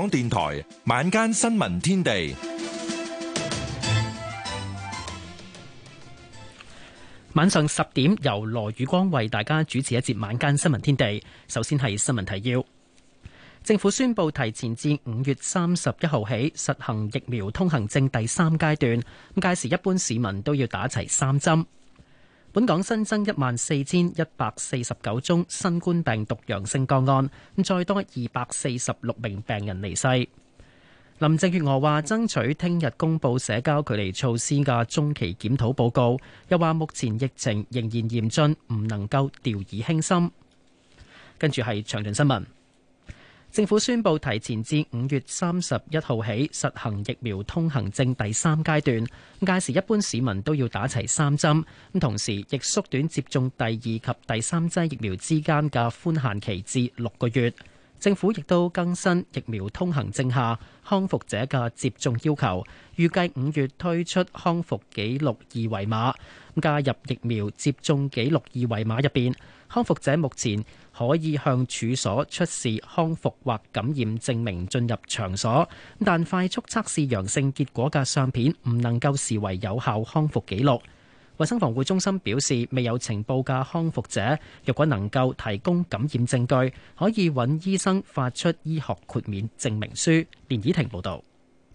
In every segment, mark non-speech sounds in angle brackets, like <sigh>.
港電台晚間新聞天地，晚上十點由羅宇光為大家主持一節晚間新聞天地。首先係新聞提要：政府宣布提前至五月三十一號起實行疫苗通行證第三階段，咁屆時一般市民都要打齊三針。本港新增一萬四千一百四十九宗新冠病毒陽性個案，再多二百四十六名病人離世。林鄭月娥話爭取聽日公布社交距離措施嘅中期檢討報告，又話目前疫情仍然嚴峻，唔能夠掉以輕心。跟住係詳盡新聞。政府宣布提前至五月三十一號起實行疫苗通行證第三階段。屆時一般市民都要打齊三針，同時亦縮短接種第二及第三劑疫苗之間嘅寬限期至六個月。政府亦都更新疫苗通行證下康復者嘅接種要求，預計五月推出康復紀錄二維碼，加入疫苗接種紀錄二維碼入邊康復者目前，可以向處所出示康復或感染證明進入場所，但快速測試陽性結果嘅相片唔能夠視為有效康復記錄。衞生防護中心表示，未有情報嘅康復者，若果能夠提供感染證據，可以揾醫生發出醫學豁免證明書。連以婷報導。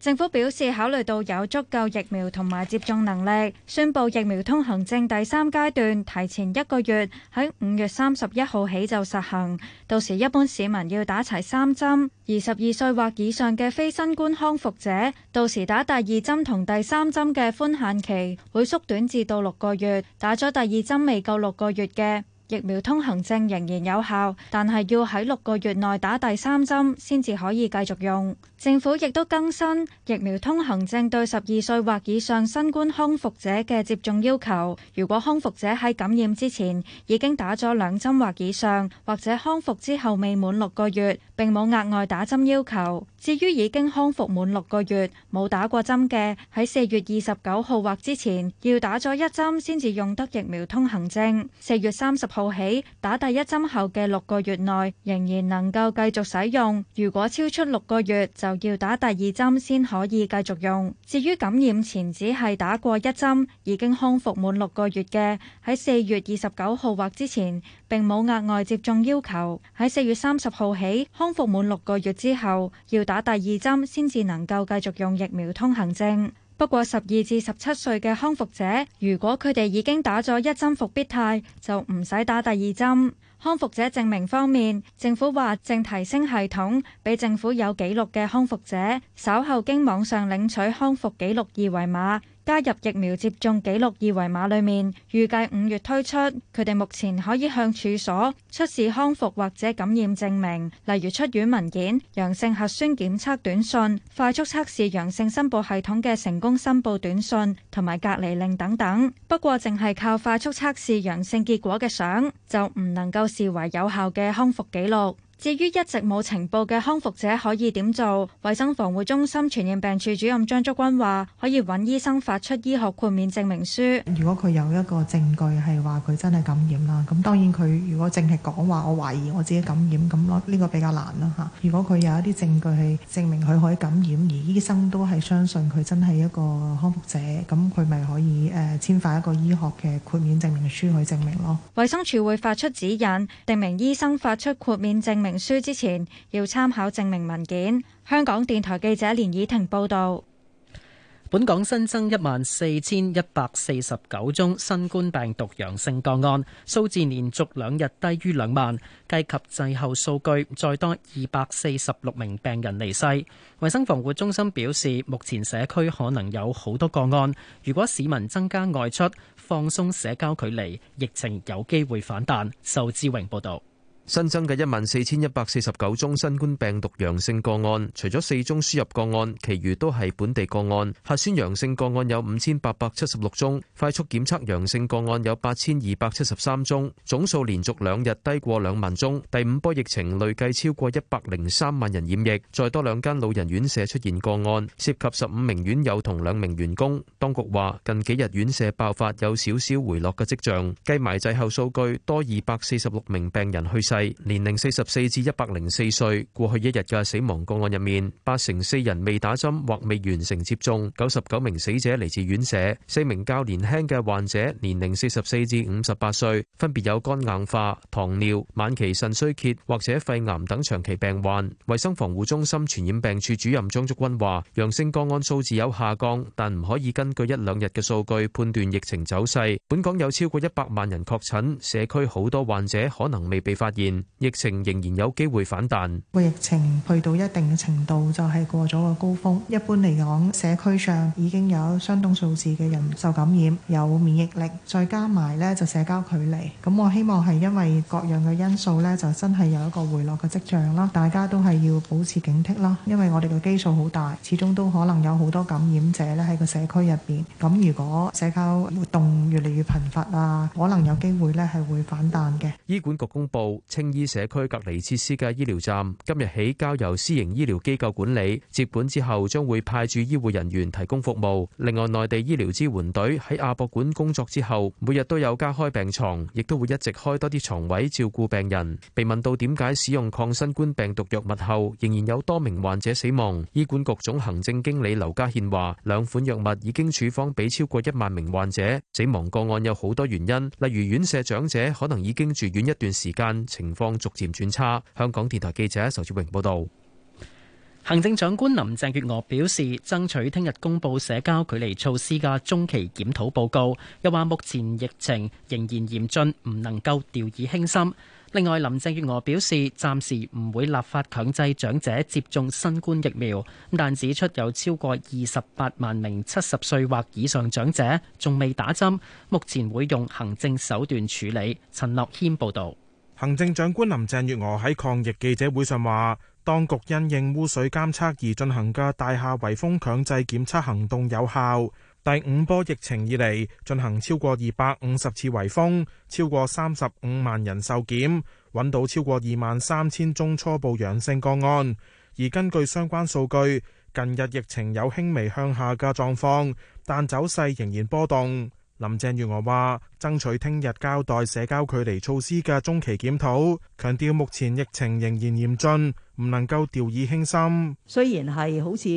政府表示，考慮到有足夠疫苗同埋接種能力，宣布疫苗通行證第三階段提前一個月，喺五月三十一號起就實行。到時一般市民要打齊三針，二十二歲或以上嘅非新冠康復者，到時打第二針同第三針嘅寬限期會縮短至到六個月。打咗第二針未夠六個月嘅疫苗通行證仍然有效，但係要喺六個月內打第三針先至可以繼續用。政府亦都更新疫苗通行證對十二歲或以上新冠康復者嘅接種要求。如果康復者喺感染之前已經打咗兩針或以上，或者康復之後未滿六個月，並冇額外打針要求。至於已經康復滿六個月冇打過針嘅，喺四月二十九號或之前要打咗一針先至用得疫苗通行證。四月三十號起，打第一針後嘅六個月內仍然能夠繼續使用。如果超出六個月就要打第二針先可以繼續用。至於感染前只係打過一針，已經康復滿六個月嘅，喺四月二十九號或之前，并冇額外接種要求。喺四月三十號起，康復滿六個月之後，要打第二針先至能夠繼續用疫苗通行證。不過，十二至十七歲嘅康復者，如果佢哋已經打咗一針復必泰，就唔使打第二針。康復者證明方面，政府話正提升系統，畀政府有記錄嘅康復者，稍後經網上領取康復記錄二維碼。加入疫苗接種記錄二維碼裏面，預計五月推出。佢哋目前可以向處所出示康復或者感染證明，例如出院文件、陽性核酸檢測短信、快速測試陽性申報系統嘅成功申報短信同埋隔離令等等。不過，淨係靠快速測試陽性結果嘅相就唔能夠視為有效嘅康復記錄。至於一直冇情報嘅康復者可以點做？衛生防護中心傳染病處主任張竹君話，可以搵醫生發出醫學豁免證明書。如果佢有一個證據係話佢真係感染啦，咁當然佢如果淨係講話我懷疑我自己感染咁咯，呢個比較難啦吓。如果佢有一啲證據係證明佢可以感染，而醫生都係相信佢真係一個康復者，咁佢咪可以誒簽發一個醫學嘅豁免證明書去證明咯。衛生署會發出指引，訂明醫生發出豁免證明書之前要參考證明文件。香港電台記者連以婷報道，本港新增一萬四千一百四十九宗新冠病毒陽性個案，數字連續兩日低於兩萬，計及滯後數據，再多二百四十六名病人離世。衛生防護中心表示，目前社區可能有好多個案，如果市民增加外出、放鬆社交距離，疫情有機會反彈。仇志榮報道。新增嘅一萬四千一百四十九宗新冠病毒陽性個案，除咗四宗輸入個案，其餘都係本地個案。核酸陽性個案有五千八百七十六宗，快速檢測陽性個案有八千二百七十三宗，總數連續兩日低過兩萬宗。第五波疫情累計超過一百零三萬人染疫，再多兩間老人院舍出現個案，涉及十五名院友同兩名員工。當局話，近幾日院舍爆發有少少回落嘅跡象。計埋滯後數據，多二百四十六名病人去世。年齡四十四至一百零四歲，過去一日嘅死亡個案入面，八成四人未打針或未完成接種。九十九名死者嚟自院舍，四名較年輕嘅患者年齡四十四至五十八歲，分別有肝硬化、糖尿、晚期腎衰竭或者肺癌等長期病患。衛生防護中心傳染病處主任張竹君話：陽性個案數字有下降，但唔可以根據一兩日嘅數據判斷疫情走勢。本港有超過一百萬人確診，社區好多患者可能未被發現。疫情仍然有機會反彈。個疫情去到一定嘅程度就係過咗個高峰。一般嚟講，社區上已經有相當數字嘅人受感染，有免疫力，再加埋咧就社交距離。咁我希望係因為各樣嘅因素咧，就真係有一個回落嘅跡象啦。大家都係要保持警惕啦，因為我哋嘅基數好大，始終都可能有好多感染者咧喺個社區入邊。咁如果社交活動越嚟越頻繁啊，可能有機會咧係會反彈嘅。醫管局公布。青衣社區隔離設施嘅醫療站今日起交由私營醫療機構管理，接管之後將會派駐醫護人員提供服務。另外，內地醫療支援隊喺亞博館工作之後，每日都有加開病床，亦都會一直開多啲床位照顧病人。被問到點解使用抗新冠病毒藥物後仍然有多名患者死亡，醫管局總行政經理劉家憲話：兩款藥物已經處方俾超過一萬名患者，死亡個案有好多原因，例如院舍長者可能已經住院一段時間。情況逐漸轉差。香港電台記者仇志榮報道，行政長官林鄭月娥表示，爭取聽日公布社交距離措施嘅中期檢討報告。又話目前疫情仍然嚴峻，唔能夠掉以輕心。另外，林鄭月娥表示，暫時唔會立法強制長者接種新冠疫苗，但指出有超過二十八萬名七十歲或以上長者仲未打針，目前會用行政手段處理。陳樂謙報道。行政長官林鄭月娥喺抗疫記者會上話，當局因應污水監測而進行嘅大廈圍封強制檢測行動有效。第五波疫情以嚟進行超過二百五十次圍封，超過三十五萬人受檢，揾到超過二萬三千宗初步陽性個案。而根據相關數據，近日疫情有輕微向下嘅狀況，但走勢仍然波動。林鄭月娥話，爭取聽日交代社交距離措施嘅中期檢討，強調目前疫情仍然嚴峻，唔能夠掉以輕心。雖然係好似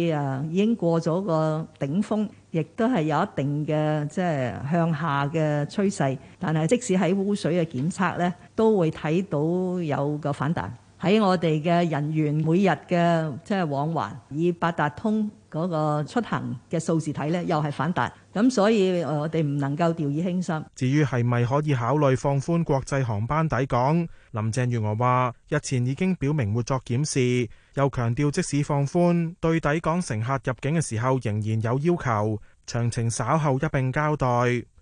已經過咗個頂峰，亦都係有一定嘅即係向下嘅趨勢，但係即使喺污水嘅檢測呢都會睇到有個反彈。喺我哋嘅人員每日嘅即係往環，以八達通，嗰個出行嘅數字睇呢，又係反彈，咁所以我哋唔能夠掉以輕心。至於係咪可以考慮放寬國際航班抵港？林鄭月娥話：日前已經表明會作檢視，又強調即使放寬，對抵港乘客入境嘅時候仍然有要求，詳情稍後一並交代。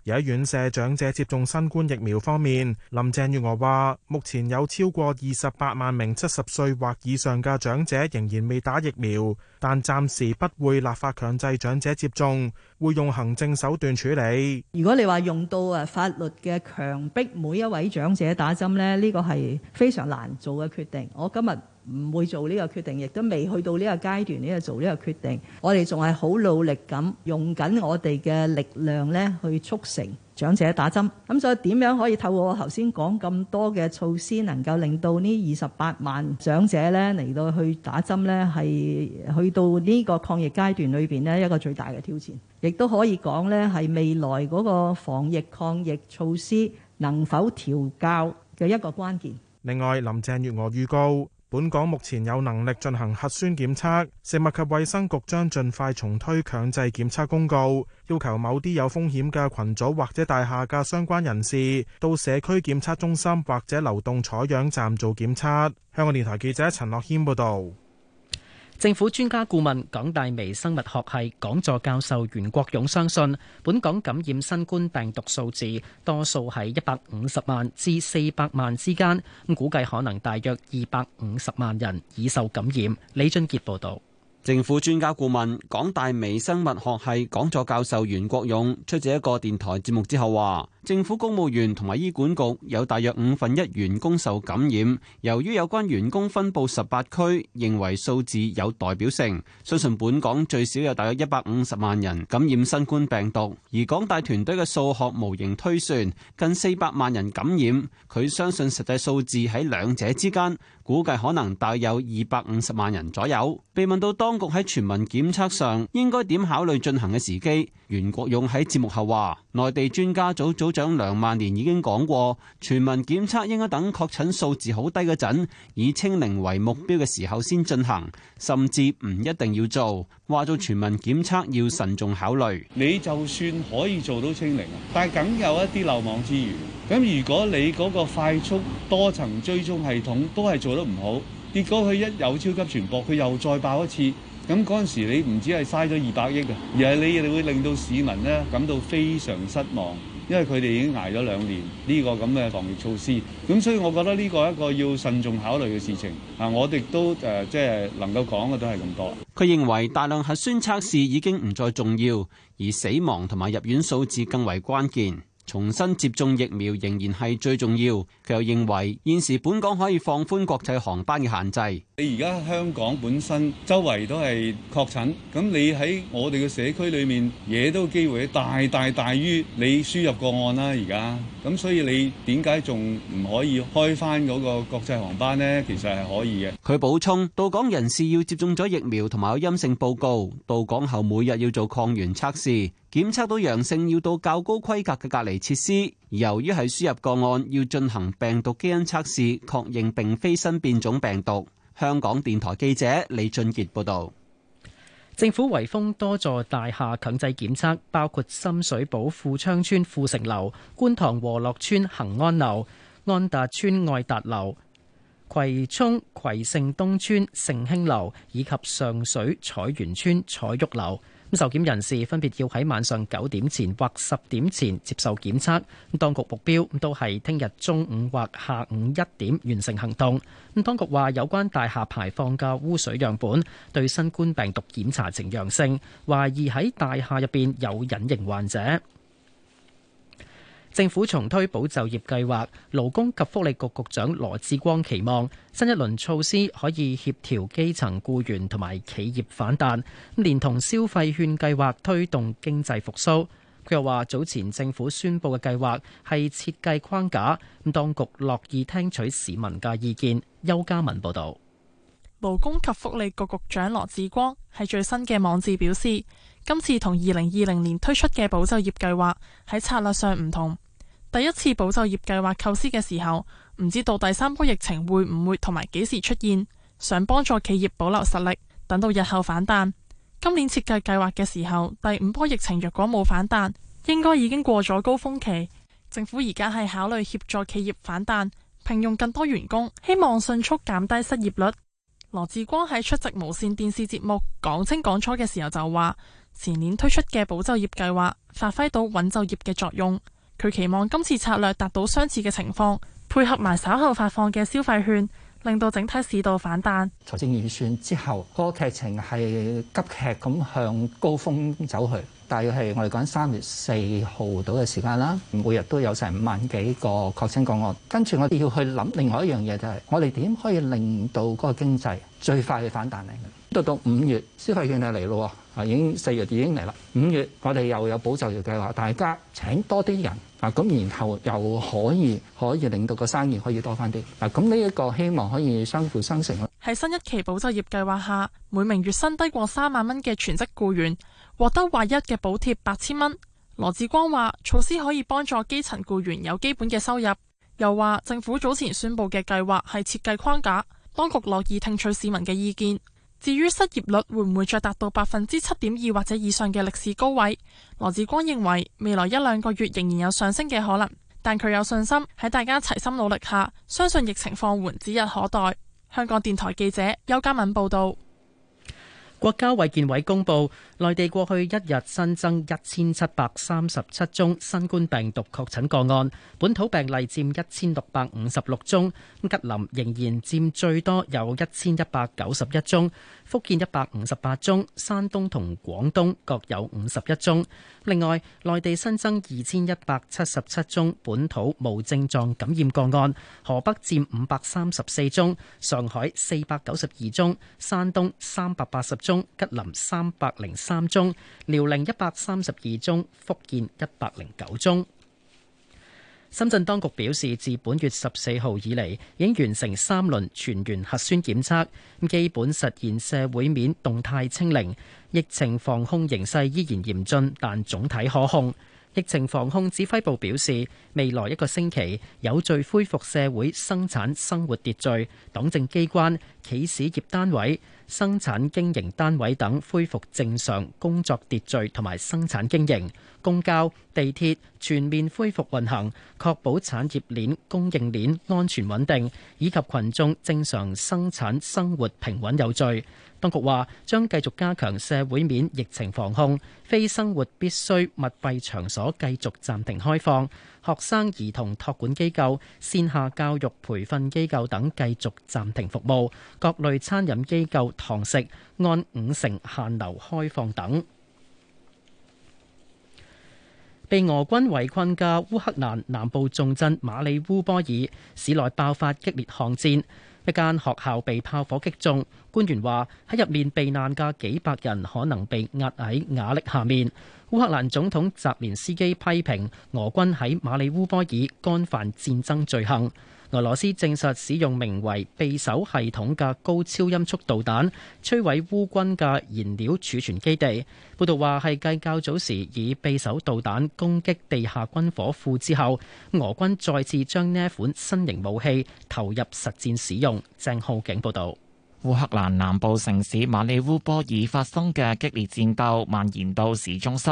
而喺院舍長者接種新冠疫苗方面，林鄭月娥話：目前有超過二十八萬名七十歲或以上嘅長者仍然未打疫苗，但暫時不會立法強制長者接種，會用行政手段處理。如果你話用到啊法律嘅強逼每一位長者打針呢，呢個係非常難做嘅決定。我今日。唔會做呢個決定，亦都未去到呢個階段。呢度做呢個決定，我哋仲係好努力咁用緊我哋嘅力量咧，去促成長者打針，咁所以點樣可以透過我頭先講咁多嘅措施，能夠令到呢二十八萬長者咧嚟到去打針咧，係去到呢個抗疫階段裏邊咧一個最大嘅挑戰，亦都可以講咧係未來嗰個防疫抗疫措施能否調教嘅一個關鍵。另外，林鄭月娥預告。本港目前有能力進行核酸檢測，食物及衛生局將盡快重推強制檢測公告，要求某啲有風險嘅群組或者大廈嘅相關人士到社區檢測中心或者流動採樣站做檢測，香港電台記者陳樂謙報道。政府專家顧問、港大微生物學系講座教授袁國勇相信，本港感染新冠病毒數字多數係一百五十萬至四百萬之間，估計可能大約二百五十萬人已受感染。李俊傑報導。政府專家顧問、港大微生物學系講座教授袁國勇出席一個電台節目之後話，政府公務員同埋醫管局有大約五分一員工受感染。由於有關員工分佈十八區，認為數字有代表性，相信本港最少有大約一百五十萬人感染新冠病毒。而港大團隊嘅數學模型推算近四百萬人感染，佢相信實際數字喺兩者之間，估計可能大約二百五十萬人左右。被問到當局喺全民檢測上應該點考慮進行嘅時機？袁國勇喺節目後話，內地專家組組長梁萬年已經講過，全民檢測應該等確診數字好低嗰陣，以清零為目標嘅時候先進行，甚至唔一定要做，話做全民檢測要慎重考慮。你就算可以做到清零，但係梗有一啲漏網之魚。咁如果你嗰個快速多層追蹤系統都係做得唔好，結果佢一有超級傳播，佢又再爆一次。咁嗰陣時，你唔止係嘥咗二百億啊，而係你會令到市民咧感到非常失望，因為佢哋已經挨咗兩年呢、這個咁嘅防疫措施。咁所以，我覺得呢個係一個要慎重考慮嘅事情。啊，我、呃、哋都誒即係能夠講嘅都係咁多。佢認為大量核酸測試已經唔再重要，而死亡同埋入院數字更為關鍵。重新接種疫苗仍然係最重要。佢又認為現時本港可以放寬國際航班嘅限制。你而家香港本身周圍都係確診，咁你喺我哋嘅社區裏面惹到機會大大大於你輸入個案啦。而家咁所以你點解仲唔可以開翻嗰個國際航班咧？其實，係可以嘅。佢補充，到港人士要接種咗疫苗同埋有陰性報告，到港後每日要做抗原測試。檢測到陽性，要到較高規格嘅隔離設施。由於係輸入個案，要進行病毒基因測試，確認並非新變種病毒。香港電台記者李俊杰報道。政府圍封多座大廈強制檢測，包括深水埗富昌村富城樓、觀塘和樂邨恒安樓、安達邨愛達樓、葵涌葵盛東邨盛興樓以及上水彩園邨彩玉樓。咁受檢人士分別要喺晚上九點前或十點前接受檢測，咁當局目標都係聽日中午或下午一點完成行動。咁當局話有關大廈排放嘅污水樣本對新冠病毒檢查呈陽性，懷疑喺大廈入邊有隱形患者。政府重推保就業計劃，勞工及福利局局長羅志光期望新一輪措施可以協調基層僱員同埋企業反彈，連同消費券計劃推動經濟復蘇。佢又話，早前政府宣布嘅計劃係設計框架，當局樂意聽取市民嘅意見。邱家文報道。勞工及福利局局，局長羅志光係最新嘅網誌表示，今次同二零二零年推出嘅保就業計劃喺策略上唔同。第一次保就業計劃構思嘅時候，唔知道第三波疫情會唔會同埋幾時出現，想幫助企業保留實力，等到日後反彈。今年設計計劃嘅時候，第五波疫情若果冇反彈，應該已經過咗高峰期。政府而家係考慮協助企業反彈，聘用更多員工，希望迅速減低失業率。羅致光喺出席無綫電視節目講清講楚嘅時候就話，前年推出嘅保就業計劃發揮到穩就業嘅作用。佢期望今次策略達到相似嘅情況，配合埋稍後發放嘅消費券，令到整體市道反彈。財政預算之後，個劇情係急劇咁向高峰走去。大約係我哋講三月四號到嘅時間啦，每日都有成五萬幾個確診個案。跟住我哋要去諗另外一、就是、樣嘢，就係我哋點可以令到嗰個經濟最快去反彈嚟咧？到到五月，消費券就嚟咯，啊已經四月已經嚟啦。五月我哋又有保就業計劃，大家請多啲人。嗱，咁然後又可以可以令到個生意可以多返啲，嗱咁呢一個希望可以相互增成咯。喺新一期保就業計劃下，每名月薪低過三萬蚊嘅全職雇員獲得唯一嘅補貼八千蚊。羅志光話措施可以幫助基層雇員有基本嘅收入，又話政府早前宣布嘅計劃係設計框架，當局樂意聽取市民嘅意見。至於失業率會唔會再達到百分之七點二或者以上嘅歷史高位？羅志光認為未來一兩個月仍然有上升嘅可能，但佢有信心喺大家齊心努力下，相信疫情放緩指日可待。香港電台記者邱家敏報道。國家衛健委公布。內地過去一日新增一千七百三十七宗新冠病毒確診個案，本土病例佔一千六百五十六宗。吉林仍然佔最多，有一千一百九十一宗，福建一百五十八宗，山東同廣東各有五十一宗。另外，內地新增二千一百七十七宗本土無症狀感染個案，河北佔五百三十四宗，上海四百九十二宗，山東三百八十宗，吉林三百零三宗，遼寧一百三十二宗，福建一百零九宗。深圳當局表示，自本月十四號以嚟，已經完成三輪全員核酸檢測，基本實現社會面動態清零。疫情防控形勢依然嚴峻，但總體可控。疫情防控指揮部表示，未來一個星期有序恢復社會生產生活秩序，黨政機關、企事業單位，生產經營單位等恢復正常工作秩序同埋生產經營。公交、地鐵全面恢復運行，確保產業鏈、供應鏈安全穩定，以及群眾正常生產生活平穩有序。當局話將繼續加強社會面疫情防控，非生活必需密閉場所繼續暫停開放，學生、兒童托管機構、線下教育培訓機構等繼續暫停服務，各類餐飲機構堂食按五成限流開放等。被俄軍圍困嘅烏克蘭南部重鎮馬里烏波爾市內爆發激烈巷戰，一間學校被炮火擊中。官員話喺入面避難嘅幾百人可能被壓喺瓦礫下面。烏克蘭總統澤連斯基批評俄軍喺馬里烏波爾幹犯戰爭罪行。俄羅斯證實使用名為匕首系統嘅高超音速導彈摧毀烏軍嘅燃料儲存基地。報道話係繼較早時以匕首導彈攻擊地下軍火庫之後，俄軍再次將呢一款新型武器投入實戰使用。鄭浩景報導，烏克蘭南部城市馬里烏波爾發生嘅激烈戰鬥蔓延到市中心。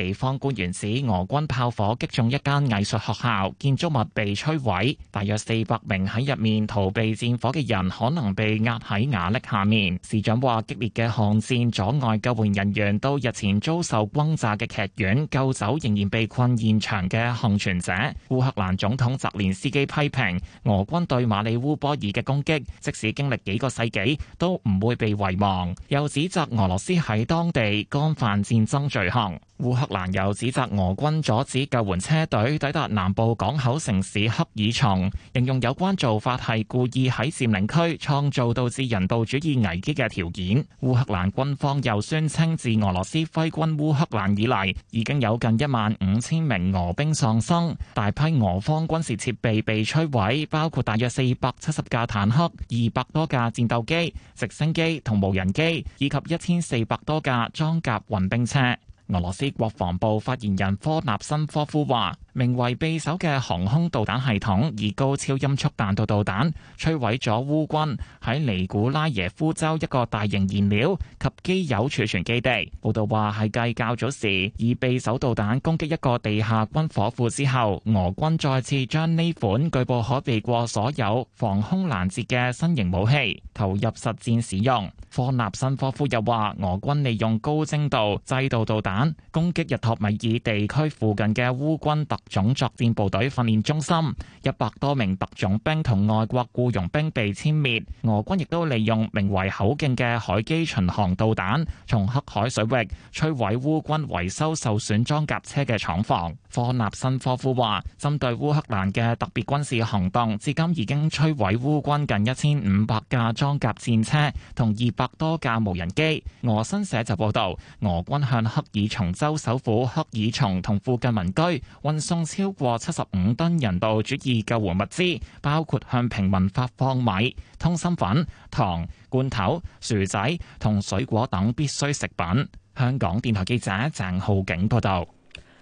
地方官員指，俄軍炮火擊中一間藝術學校，建築物被摧毀，大約四百名喺入面逃避戰火嘅人可能被壓喺瓦礫下面。市長話，激烈嘅巷戰阻礙救援人員到日前遭受轟炸嘅劇院救走仍然被困現場嘅倖存者。烏克蘭總統澤連斯基批評俄軍對馬里烏波爾嘅攻擊，即使經歷幾個世紀都唔會被遺忘，又指責俄羅斯喺當地干犯戰爭罪行。烏克蘭又指責俄軍阻止救援車隊抵達南部港口城市赫爾松，形容有關做法係故意喺佔領區創造導致人道主義危機嘅條件。烏克蘭軍方又宣稱，自俄羅斯揮軍烏克蘭以嚟，已經有近一萬五千名俄兵喪生，大批俄方軍事設備被摧毀，包括大約四百七十架坦克、二百多架戰鬥機、直升機同無人機，以及一千四百多架裝甲運兵車。俄羅斯國防部發言人科納申科夫話，名為“匕首”嘅航空導彈系統以高超音速彈道導彈摧毀咗烏軍喺尼古拉耶夫州一個大型燃料及機油儲存基地。報道話係計較早時以“匕首”導彈攻擊一個地下軍火庫之後，俄軍再次將呢款據報可避過所有防空攔截嘅新型武器投入實戰使用。科納申科夫又話，俄軍利用高精度制導導彈。攻擊日托米爾地區附近嘅烏軍特種作戰部隊訓練中心，一百多名特種兵同外國僱傭兵被殲滅。俄軍亦都利用名為口徑嘅海基巡航導彈，從黑海水域摧毀烏軍維修受損裝甲車嘅廠房。科納申科夫話：針對烏克蘭嘅特別軍事行動，至今已經摧毀烏軍近一千五百架裝甲戰車同二百多架無人機。俄新社就報道，俄軍向克爾松州首府克爾松同附近民居運送超過七十五噸人道主義救援物資，包括向平民發放米、通心粉、糖、罐頭、薯仔同水果等必需食品。香港電台記者鄭浩景報道。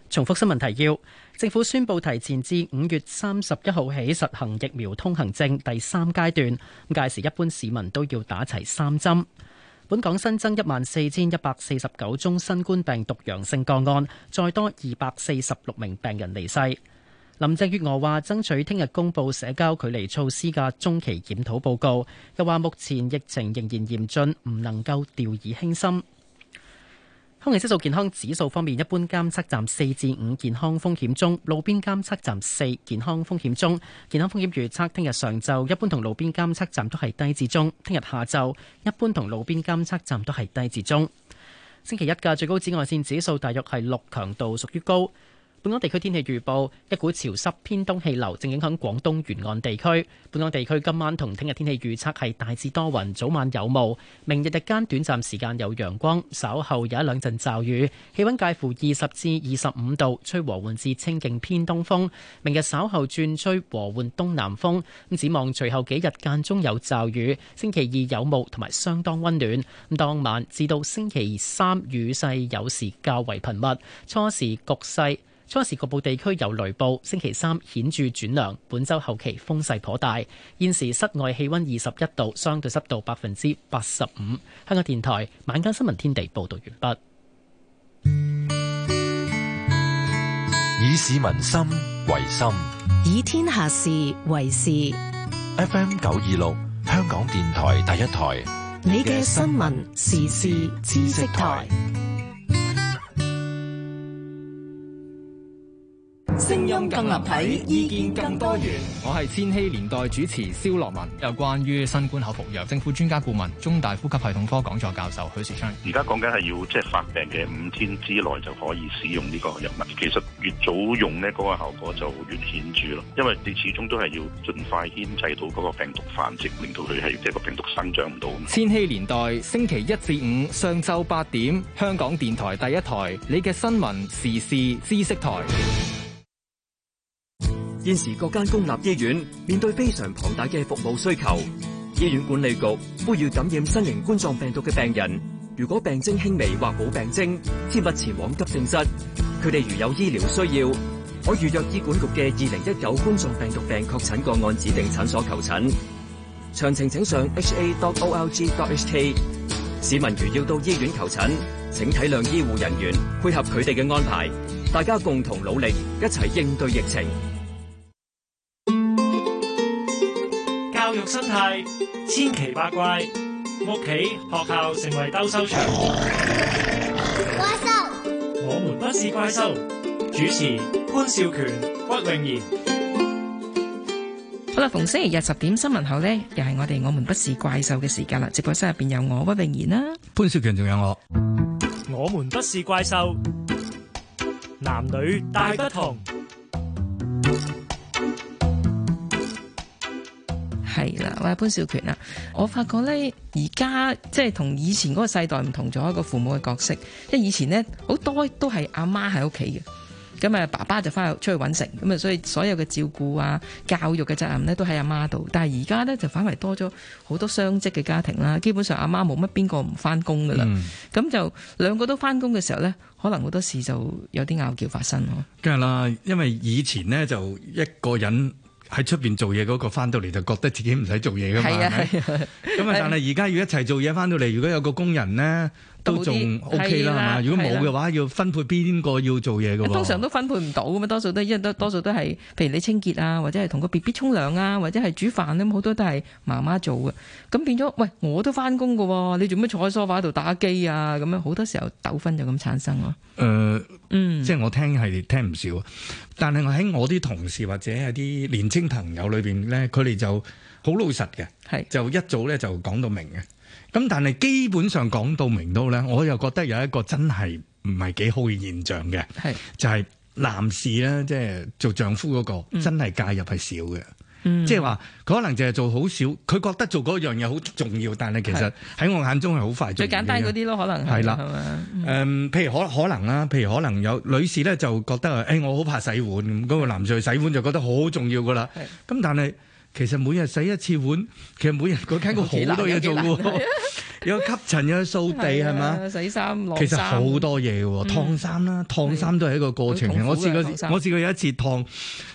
重複新聞提要：政府宣佈提前至五月三十一號起實行疫苗通行證第三階段，屆時一般市民都要打齊三針。本港新增一萬四千一百四十九宗新冠病毒陽性個案，再多二百四十六名病人離世。林鄭月娥話爭取聽日公布社交距離措施嘅中期檢討報告，又話目前疫情仍然嚴峻，唔能夠掉以輕心。空氣質素健康指數方面，一般監測站四至五健康風險中，路邊監測站四健康風險中。健康風險預測聽日上晝一般同路邊監測站都係低至中，聽日下晝一般同路邊監測站都係低至中。星期一嘅最高紫外線指數大約係六，強度屬於高。本港地區天氣預報：一股潮濕偏東氣流正影響廣東沿岸地區。本港地區今晚同聽日天氣預測係大致多雲，早晚有霧。明日日間短暫時間有陽光，稍後有一兩陣驟雨。氣溫介乎二十至二十五度，吹和緩至清勁偏東風。明日稍後轉吹和緩東南風。咁，展望隨後幾日間中有驟雨，星期二有霧同埋相當溫暖。當晚至到星期三雨勢有時較為頻密，初時局勢。初時局部地區有雷暴，星期三顯著轉涼。本周後期風勢頗大。現時室外氣温二十一度，相對濕度百分之八十五。香港電台晚間新聞天地報道完畢。以市民心為心，以天下事為事。FM 九二六，香港電台第一台，你嘅新聞時事知識台。聲音更立體，意見更多元。我係千禧年代主持蕭樂文。又關於新冠口服藥，政府專家顧問、中大呼吸系統科講座教授許樹昌。而家講緊係要即係、就是、發病嘅五天之內就可以使用呢個藥物。其實越早用呢嗰個效果就越顯著咯。因為你始終都係要盡快牽制到嗰個病毒繁殖，令到佢係即係個病毒生長唔到。千禧年代星期一至五上晝八點，香港電台第一台，你嘅新聞時事知識台。現時各間公立醫院面對非常龐大嘅服務需求，醫院管理局呼籲感染新型冠狀病毒嘅病人，如果病徵輕微或冇病徵，切勿前往急症室。佢哋如有醫療需要，可預約醫管局嘅二零一九冠狀病毒病確診個案指定診所求診。詳情請上 ha.org.hk。市民如要到醫院求診，請體諒醫護人員，配合佢哋嘅安排，大家共同努力，一齊應對疫情。教育生態千奇百怪，屋企、學校成為鬥獸場。怪獸，我們不是怪獸。主持潘少權、屈穎妍。好啦，逢星期日十點新聞後呢，又係我哋我們不是怪獸嘅時間啦。直播室入邊有我屈穎妍啦，潘少權仲有我。我們不是怪獸，男女大不同。係啦，我係潘少權啦。我發覺咧，而家即係同以前嗰個世代唔同咗一個父母嘅角色。即係以前咧，好多都係阿媽喺屋企嘅，咁啊爸爸就翻去出去揾食，咁啊所以所有嘅照顧啊、教育嘅責任咧都喺阿媽度。但係而家咧就反為多咗好多雙職嘅家庭啦。基本上阿媽冇乜邊個唔翻工噶啦，咁就兩個都翻工嘅時候咧，可能好多事就有啲拗撬發生咯。梗係啦，因為以前咧就一個人。喺出邊做嘢嗰個翻到嚟就覺得自己唔使做嘢㗎嘛，係咁啊！吧 <laughs> 但係而家要一齊做嘢，翻到嚟如果有個工人咧。都仲 OK 啦，係嘛、啊？如果冇嘅話，啊、要分配邊個要做嘢嘅。通常都分配唔到咁啊，多數都因為都多數都係，譬如你清潔啊，或者係同個 B B 沖涼啊，或者係煮飯咁，好多都係媽媽做嘅。咁變咗，喂，我都翻工㗎，你做咩坐喺梳化度打機啊？咁樣好多時候糾紛就咁產生咯。誒、呃，嗯，即係我聽係聽唔少，但係我喺我啲同事或者係啲年青朋友裏邊咧，佢哋就好老實嘅，係是就一早咧就講到明嘅。咁但係基本上講到明都咧，我又覺得有一個真係唔係幾好嘅現象嘅，係是就係男士咧，即、就、係、是、做丈夫嗰、那個、嗯、真係介入係少嘅，嗯、即係話佢可能淨係做好少，佢覺得做嗰樣嘢好重要，但係其實喺我眼中係好快最簡單嗰啲咯，可能係啦，誒的、嗯，譬如可可能啦、啊，譬如可能有女士咧就覺得誒、欸、我好怕洗碗，嗰、那個男士去洗碗就覺得好重要噶啦，咁是但係。其實每日洗一次碗，其實每日佢傾過好多嘢做嘅喎，有吸塵，有掃地，係嘛？洗衫、晾衫。其實好多嘢喎，燙衫啦，燙衫都係一個過程。我試過，我試過有一次燙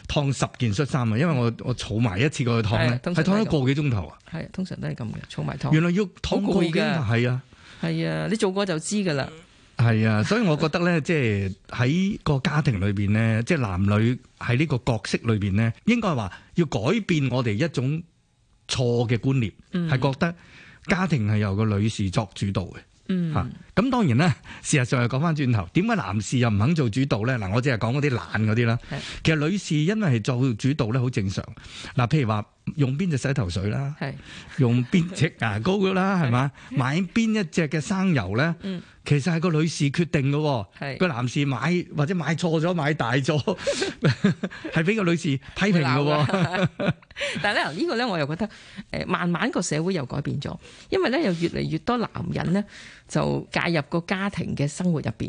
燙十件恤衫啊，因為我我儲埋一次過去燙咧，係燙咗個幾鐘頭啊。係，通常都係咁嘅，儲埋燙。原來要燙個㗎，係啊。係啊，你做過就知㗎啦。係啊，所以我覺得咧，即係喺個家庭裏邊咧，即係男女喺呢個角色裏邊咧，應該話要改變我哋一種錯嘅觀念，係、嗯、覺得家庭係由個女士作主導嘅，吓、嗯。咁當然啦，事實上又講翻轉頭，點解男士又唔肯做主導咧？嗱，我只係講嗰啲懶嗰啲啦。是其實女士因為係做主導咧，好正常。嗱，譬如話用邊隻洗頭水啦，是用邊隻牙膏嘅啦，係嘛是？買邊一隻嘅生油咧，嗯、其實係個女士決定嘅。個是男士買或者買錯咗買大咗，係俾個女士批評嘅。流 <laughs> 但係咧，呢個咧我又覺得誒，慢慢個社會又改變咗，因為咧又越嚟越多男人咧就入個家庭嘅生活入邊。